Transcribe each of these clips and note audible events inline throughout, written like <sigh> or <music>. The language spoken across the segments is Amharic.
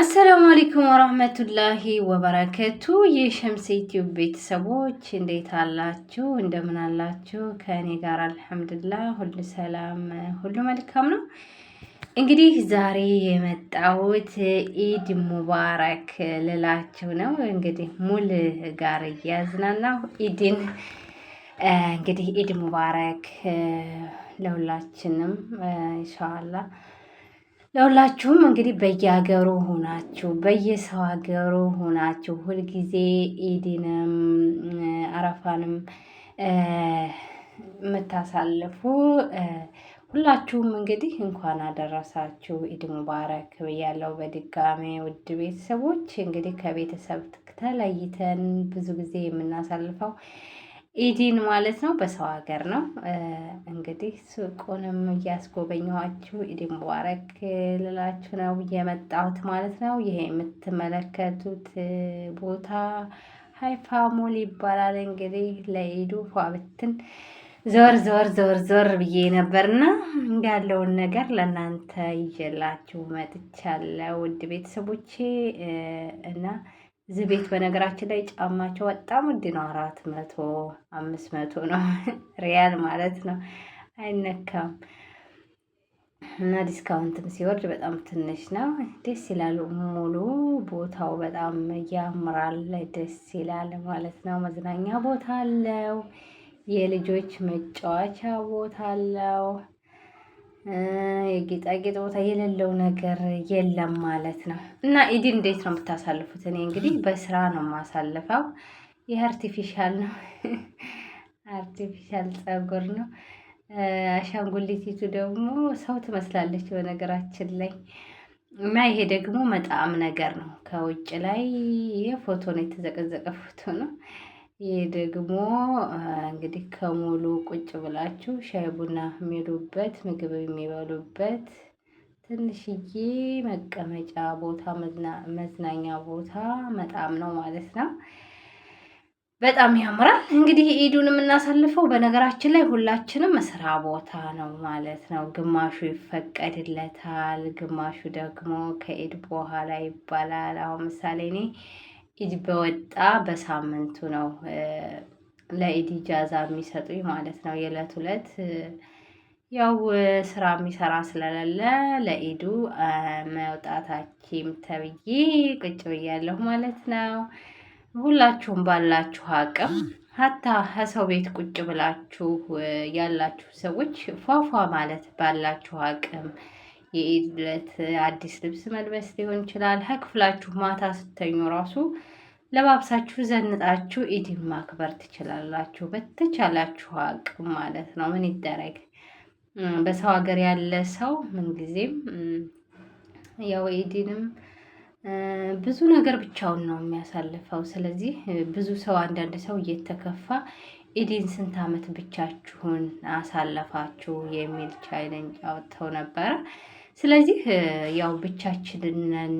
አሰላሙ አለይኩም ወራህመቱላሂ ወበረከቱ። የሸምስ ዩቲዩብ ቤተሰቦች እንዴት አላችሁ? እንደምን አላችሁ? ከእኔ ጋር አልሐምዱሊላህ ሁሉ ሰላም፣ ሁሉ መልካም ነው። እንግዲህ ዛሬ የመጣሁት ኢድ ሙባረክ ልላችሁ ነው። እንግዲህ ሙል ጋር እያዝናናሁ ኢድን እንግዲህ ኢድ ሙባረክ ለሁላችንም ኢንሻአላህ ለሁላችሁም እንግዲህ በየሀገሩ ሆናችሁ በየሰው ሀገሩ ሆናችሁ ሁልጊዜ ኢድንም አረፋንም የምታሳልፉ ሁላችሁም እንግዲህ እንኳን አደረሳችሁ ኢድ ሙባረክ ብያለሁ። በድጋሜ ውድ ቤተሰቦች እንግዲህ ከቤተሰብ ተለይተን ብዙ ጊዜ የምናሳልፈው ኢዲን ማለት ነው። በሰው ሀገር ነው እንግዲህ ሱቁንም እያስጎበኘኋችሁ ኢዲን ሙባረክ ልላችሁ ነው የመጣሁት ማለት ነው። ይሄ የምትመለከቱት ቦታ ሀይፋ ሞል ይባላል። እንግዲህ ለኢዱ ፏብትን ዞር ዞር ዞር ዞር ብዬ ነበርና ያለውን ነገር ለእናንተ ይዤላችሁ መጥቻለሁ ውድ ቤተሰቦቼ እና እዚህ ቤት በነገራችን ላይ ጫማቸው በጣም ውድ ነው። አራት መቶ አምስት መቶ ነው <laughs> ሪያል ማለት ነው። አይነካም እና ዲስካውንትም ሲወርድ በጣም ትንሽ ነው። ደስ ይላሉ። ሙሉ ቦታው በጣም ያምራል። ደስ ይላል ማለት ነው። መዝናኛ ቦታ አለው። የልጆች መጫወቻ ቦታ አለው። የጌጣጌጥ ቦታ የሌለው ነገር የለም ማለት ነው። እና ኢዲ እንዴት ነው የምታሳልፉት? እኔ እንግዲህ በስራ ነው የማሳልፈው። ይህ አርቲፊሻል ነው፣ <laughs> አርቲፊሻል ጸጉር ነው። አሻንጉሊቲቱ ደግሞ ሰው ትመስላለች በነገራችን ላይ እና ይሄ ደግሞ መጣዕም ነገር ነው። ከውጭ ላይ የፎቶ ነው የተዘቀዘቀ ፎቶ ነው። ይህ ደግሞ እንግዲህ ከሙሉ ቁጭ ብላችሁ ሻይ ቡና የሚሉበት ምግብ የሚበሉበት ትንሽዬ መቀመጫ ቦታ መዝናኛ ቦታ መጣም ነው ማለት ነው። በጣም ያምራል። እንግዲህ ኢዱን የምናሳልፈው በነገራችን ላይ ሁላችንም ስራ ቦታ ነው ማለት ነው። ግማሹ ይፈቀድለታል፣ ግማሹ ደግሞ ከኢድ በኋላ ይባላል። አሁን ምሳሌ እኔ ኢድ በወጣ በሳምንቱ ነው ለኢድ ኢጃዛ የሚሰጡኝ ማለት ነው። የዕለት ሁለት ያው ስራ የሚሰራ ስለሌለ ለኢዱ መውጣታችም ተብዬ ቁጭ ብያለሁ ማለት ነው። ሁላችሁም ባላችሁ አቅም ሀታ ከሰው ቤት ቁጭ ብላችሁ ያላችሁ ሰዎች ፏፏ ማለት ባላችሁ አቅም የኢድ ዕለት አዲስ ልብስ መልበስ ሊሆን ይችላል። ከክፍላችሁ ማታ ስተኙ ራሱ ለባብሳችሁ ዘንጣችሁ ኢድን ማክበር ትችላላችሁ፣ በተቻላችሁ አቅም ማለት ነው። ምን ይደረግ፣ በሰው ሀገር ያለ ሰው ምንጊዜም ያው ኢድንም ብዙ ነገር ብቻውን ነው የሚያሳልፈው። ስለዚህ ብዙ ሰው አንዳንድ ሰው እየተከፋ ኢዲን ስንት አመት ብቻችሁን አሳለፋችሁ የሚል ቻይለንጅ አወጥተው ነበረ። ስለዚህ ያው ብቻችንን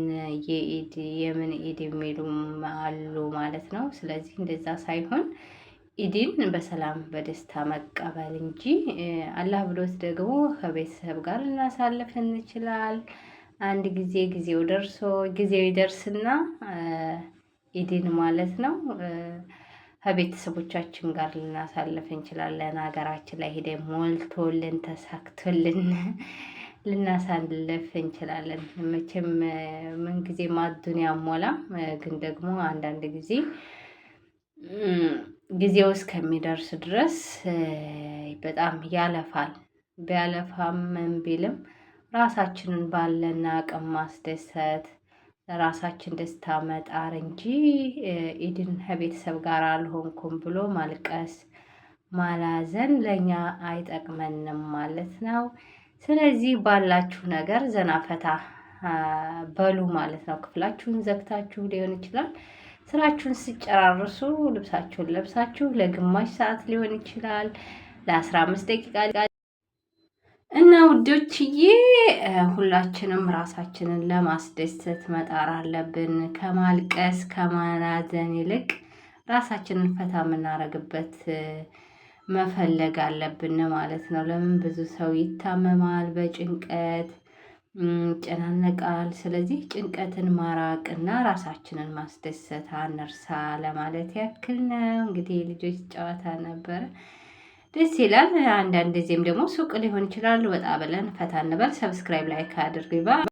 የኢድ የምን ኢድ የሚሉ አሉ ማለት ነው። ስለዚህ እንደዛ ሳይሆን ኢድን በሰላም በደስታ መቀበል እንጂ አላህ ብሎት ደግሞ ከቤተሰብ ጋር ልናሳልፍ እንችላል። አንድ ጊዜ ጊዜው ደርሶ ጊዜው ይደርስና ኢድን ማለት ነው ከቤተሰቦቻችን ጋር ልናሳልፍ እንችላለን። ሀገራችን ላይ ሄደ ሞልቶልን ተሳክቶልን <laughs> ልናሳልፍ እንችላለን። መቼም ምንጊዜ ማዱንያ ያሞላ ግን ደግሞ አንዳንድ ጊዜ ጊዜው እስከሚደርስ ድረስ በጣም ያለፋል። ቢያለፋም ምን ራሳችንን ባለን አቅም ማስደሰት ለራሳችን ደስታ መጣር እንጂ ኢድን ከቤተሰብ ጋር አልሆንኩም ብሎ ማልቀስ ማላዘን ለእኛ አይጠቅመንም ማለት ነው። ስለዚህ ባላችሁ ነገር ዘና ፈታ በሉ ማለት ነው። ክፍላችሁን ዘግታችሁ ሊሆን ይችላል። ስራችሁን ስጨራርሱ ልብሳችሁን ለብሳችሁ ለግማሽ ሰዓት ሊሆን ይችላል፣ ለአስራ አምስት ደቂቃ እና ውዶችዬ፣ ሁላችንም ራሳችንን ለማስደሰት መጣር አለብን። ከማልቀስ ከማናዘን ይልቅ ራሳችንን ፈታ የምናደርግበት መፈለግ አለብን ማለት ነው። ለምን ብዙ ሰው ይታመማል በጭንቀት ይጨናነቃል። ስለዚህ ጭንቀትን ማራቅና ራሳችንን ማስደሰት አንርሳ ለማለት ያክል ነው። እንግዲህ ልጆች ጨዋታ ነበረ። ደስ ይላል። አንዳንድ ጊዜም ደግሞ ሱቅ ሊሆን ይችላል። ወጣ ብለን ፈታ እንበል። ሰብስክራይብ ላይክ አድርግ ባ